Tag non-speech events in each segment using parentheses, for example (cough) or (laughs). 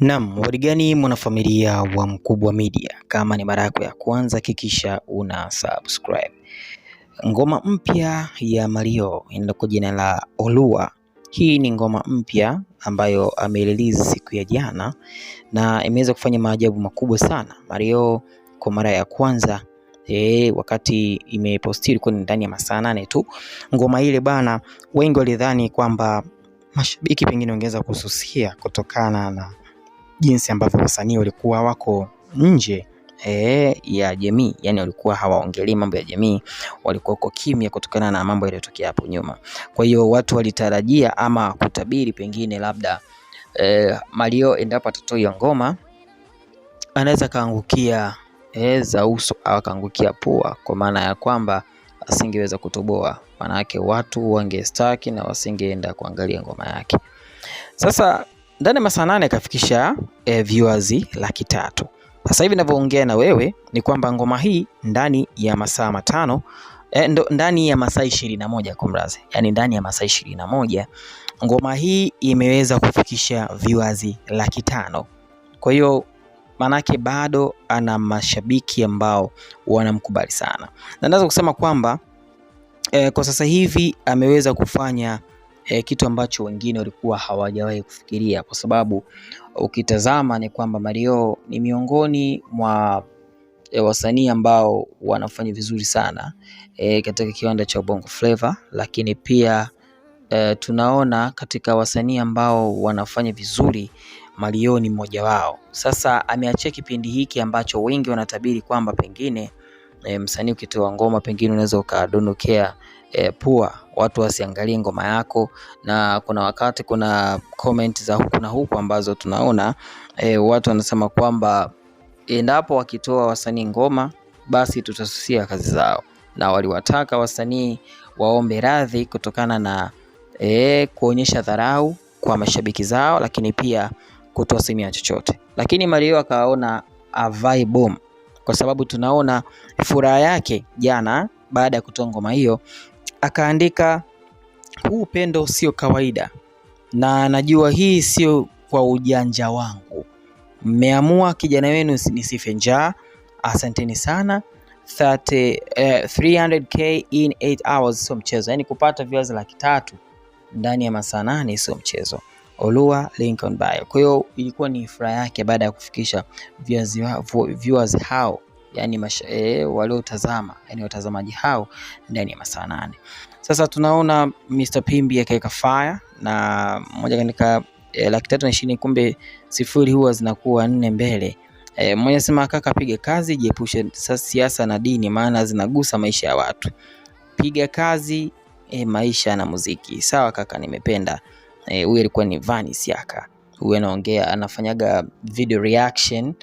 Naam, habari gani mwanafamilia wa Mkubwa Media? Kama ni mara yako ya kwanza hakikisha una subscribe. Ngoma mpya ya Mario inaenda jina la Olua. Hii ni ngoma mpya ambayo amerelease siku ya jana na imeweza kufanya maajabu makubwa sana. Mario kwa mara ya kwanza E, wakati imeposti ilikuwa ndani ya masaa nane tu. Ngoma ile bana, wengi walidhani kwamba mashabiki pengine wangeweza kususia kutokana na jinsi ambavyo wasanii walikuwa wako nje E, ya jamii yani, walikuwa hawaongelei mambo ya jamii, walikuwa uko kimya kutokana na mambo yaliyotokea hapo nyuma. Kwa hiyo watu walitarajia ama kutabiri pengine labda e, eh, Mario endapo atatoa hiyo ngoma anaweza kaangukia e, eh, za uso au akaangukia pua, kwa maana ya kwamba asingeweza kutoboa, maana yake watu wangestaki na wasingeenda kuangalia ngoma yake. Sasa ndani ya masaa nane kafikisha eh, viewers laki tatu. Sasa hivi ninavyoongea na wewe ni kwamba ngoma hii ndani ya masaa matano eh, ndo, ndani ya masaa ishirini na moja kumrazi, yani ndani ya masaa ishirini na moja ngoma hii imeweza kufikisha viewers laki tano. Kwa hiyo maanake bado ana mashabiki ambao wanamkubali sana, na naweza kusema kwamba eh, kwa sasa hivi ameweza kufanya e, kitu ambacho wengine walikuwa hawajawahi kufikiria, kwa sababu ukitazama ni kwamba Mario ni miongoni mwa e, wasanii ambao wanafanya vizuri sana e, katika kiwanda cha Bongo Flava, lakini pia e, tunaona katika wasanii ambao wanafanya vizuri Mario ni mmoja wao. Sasa ameachia kipindi hiki ambacho wengi wanatabiri kwamba pengine e, msanii ukitoa ngoma pengine unaweza ukadondokea e, pua watu wasiangalie ngoma yako, na kuna wakati kuna comment za huku na huku ambazo tunaona e, watu wanasema kwamba endapo wakitoa wasanii ngoma basi tutasusia kazi zao, na waliwataka wasanii waombe radhi kutokana na e, kuonyesha dharau kwa mashabiki zao, lakini pia kutoa ya chochote. Lakini Mario akaona avai bomu, kwa sababu tunaona furaha yake jana baada ya kutoa ngoma hiyo akaandika huu upendo sio kawaida, na najua hii sio kwa ujanja wangu. Mmeamua kijana wenu nisife njaa, asanteni sana. 30, eh, 300k in 8 hours sio mchezo, yaani kupata viewers laki tatu ndani ya masaa nane sio mchezo. Olua Lincoln bio. Kwa hiyo ilikuwa ni furaha yake baada ya kufikisha viewers hao yani e, eh, waliotazama yani watazamaji hao ndani ya masaa nane. Sasa tunaona Mr Pimbi akaweka fire na mmoja kanika e, eh, laki tatu na ishirini, kumbe sifuri huwa zinakuwa nne mbele. E, mmoja sema kaka, piga kazi, jiepushe siasa na dini, maana zinagusa maisha ya watu. Piga kazi e, maisha na muziki. Sawa kaka, nimependa. Huyu e, alikuwa ni Vani Siaka huwa anaongea anafanyaga video reaction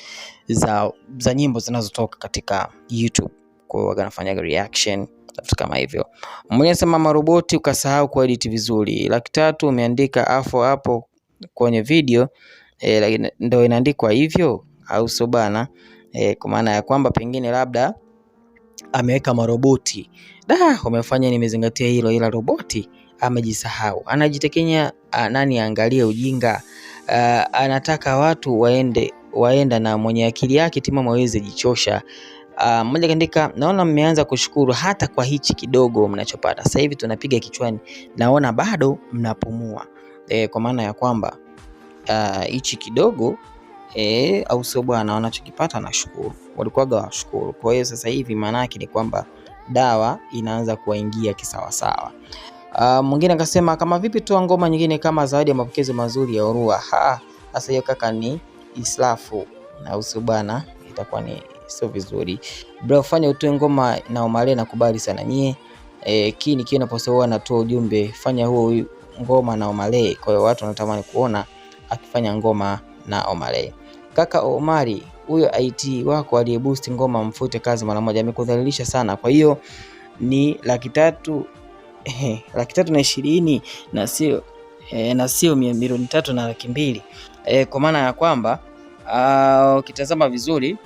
za, za nyimbo zinazotoka katika YouTube. Kwa hiyo anafanyaga reaction vitu kama hivyo. Mwenye sema maroboti ukasahau kuedit vizuri. Laki tatu umeandika afo hapo kwenye video e, ndio inaandikwa hivyo au sio bana? Eh, kwa maana ya kwamba pengine labda ameweka maroboti da, umefanya nimezingatia hilo, ila roboti amejisahau, anajitekenya ah, nani aangalie ujinga uh, anataka watu waende waenda na mwenye akili yake timamu aweze jichosha. Uh, mmoja kaandika, naona mmeanza kushukuru hata kwa hichi kidogo mnachopata sasa hivi, tunapiga kichwani, naona bado mnapumua e, kwa maana ya kwamba uh, hichi uh, kidogo e, au sio bwana, wanachokipata nashukuru, walikuwaga washukuru. Kwa hiyo sasa hivi maana yake ni kwamba dawa inaanza kuwaingia kisawasawa. Uh, mwingine akasema kama vipi toa ngoma nyingine kama zawadi ya mapokezi mazuri ya Urua. Sasa hiyo kaka ni islafu na usu bwana, itakuwa ni sio vizuri bro, fanya utoe ngoma na Omale na kubali sana nyie e, kini kina posa huwa anatoa ujumbe fanya huo ngoma na Omale. Kwa hiyo watu wanatamani kuona akifanya ngoma na Omale. Kaka Omari, huyo IT wako aliyeboost ngoma mfute kazi mara moja, amekudhalilisha sana. Kwa hiyo ni laki tatu eh, laki tatu na ishirini na sio eh, na sio milioni tatu na laki mbili eh, kwa maana ya kwamba ukitazama vizuri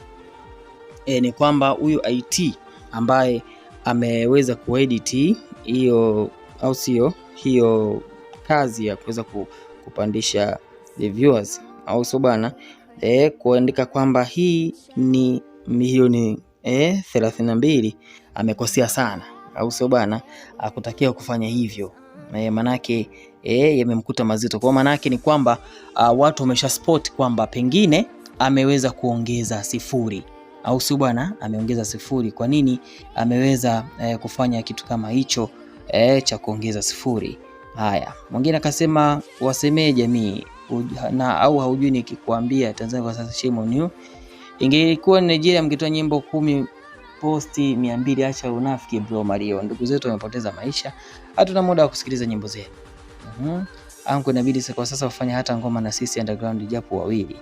eh, ni kwamba huyu IT ambaye ameweza kuedit hiyo au sio hiyo kazi ya kuweza kupandisha the viewers au sio bana eh, kuandika kwamba hii ni milioni eh, 32 amekosea sana au sio bana, akutakiwa kufanya hivyo e, manake e, yamemkuta mazito kwa manake ni kwamba uh, watu wamesha spot kwamba pengine ameweza kuongeza sifuri au sio bwana, ameongeza sifuri. Kwa nini ameweza eh, kufanya kitu kama hicho eh, cha kuongeza sifuri? Haya, mwingine akasema wasemee jamii na au haujui nikikwambia Tanzania kwa sasa shame on you. Ingekuwa Nigeria mngetoa nyimbo kumi posti mia mbili, acha unafiki bro Mario, ndugu zetu wamepoteza maisha, hatuna muda wa kusikiliza nyimbo zenu. mm -hmm. Anko inabidi kwa sasa ufanye hata ngoma na sisi underground japo wawili.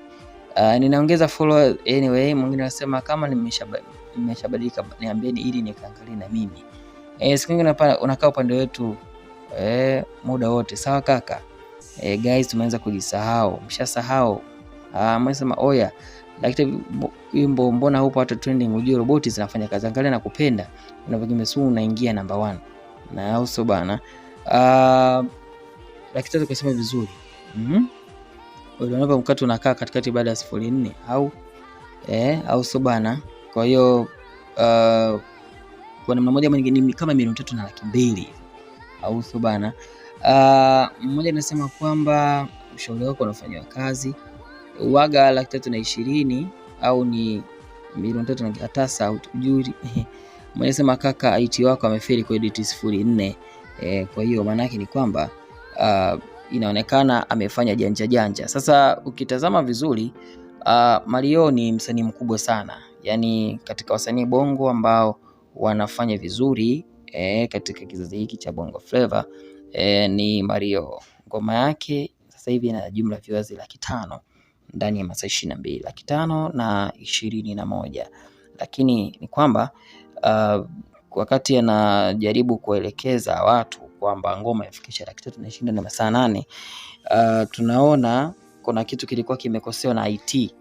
Uh, ninaongeza follow anyway. Mwingine anasema kama nimeshabadilika niambieni ili nikaangalie na mimi. Eh, Sikingi unakaa upande wetu eh, muda wote. Sawa kaka. Eh, guys tumeanza kujisahau. Mshasahau. Ah, uh, mmesema oya lakini wimbo mbona hupo hata trending, unajua roboti zinafanya kazi. Angalia na kupenda unavyokimbia suu, unaingia namba 1 na sio bana. Ah, laki tatu kusema vizuri mm -hmm. mkate unakaa katikati baada ya sifuri nne au eh, au sio bana. Kwa hiyo uh, kwa namna moja ni kama milioni tatu na laki mbili au sio bana. Uh, mmoja anasema kwamba ushauri wako unafanyiwa kazi uwaga laki tatu na ishirini au ni milioni tatu na tasa (laughs) Mwenye sema kaka IT wako amefeli kwa edit sifuri nne. E, kwa hiyo maana yake ni kwamba uh, inaonekana amefanya janja janja. Sasa ukitazama vizuri uh, Mario ni msanii mkubwa sana, yaani katika wasanii bongo ambao wanafanya vizuri e, katika kizazi hiki cha bongo flava e, ni Mario. Ngoma yake sasa hivi ina jumla viewers laki tano ndani ya masaa ishirini na mbili laki tano na ishirini na moja lakini ni kwamba uh, wakati anajaribu kuelekeza watu kwamba ngoma yafikisha laki tatu na ishirini na masaa nane uh, tunaona kuna kitu kilikuwa kimekosewa na IT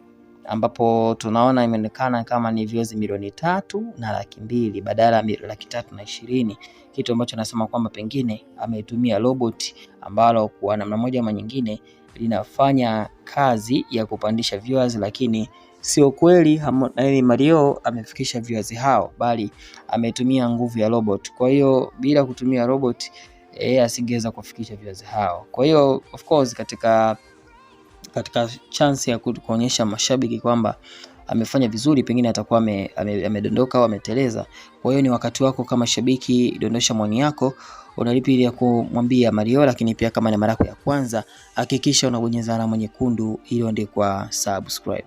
ambapo tunaona imeonekana kama ni views milioni tatu na laki mbili badala ya laki tatu na ishirini kitu ambacho anasema kwamba pengine ameitumia robot ambalo kwa namna moja ama nyingine linafanya kazi ya kupandisha viewers, lakini sio kweli Harmonize Mario amefikisha viewers hao, bali ametumia nguvu ya robot. Kwa hiyo bila kutumia robot yeye asingeweza kufikisha viewers hao. Kwa hiyo of course katika katika chance ya kuonyesha mashabiki kwamba amefanya vizuri, pengine atakuwa amedondoka ame, ame au ameteleza. Kwa hiyo ni wakati wako kama shabiki, dondosha maoni yako, unalipi ya kumwambia Mario, lakini pia kama ni mara yako ya kwanza, hakikisha unabonyeza alama nyekundu iliyoandikwa subscribe.